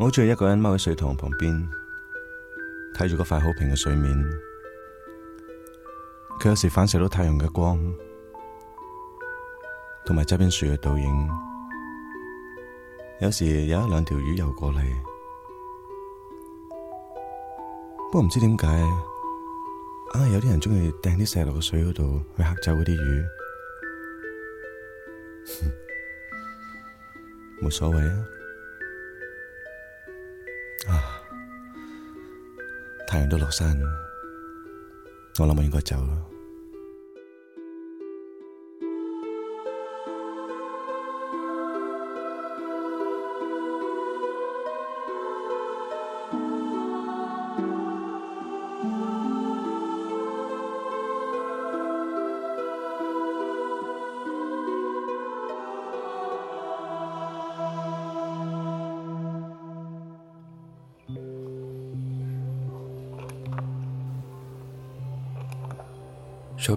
我中意一個人踎喺水塘旁邊睇住嗰塊好平嘅水面，佢有時反射到太陽嘅光，同埋周邊樹嘅倒影。有時有一兩條魚游過嚟，不過唔知點解，硬係，啊，有啲人中意掟啲石落個水嗰度去嚇走嗰啲魚。冇所謂啊！太陽都落山了，我諗我應該走了。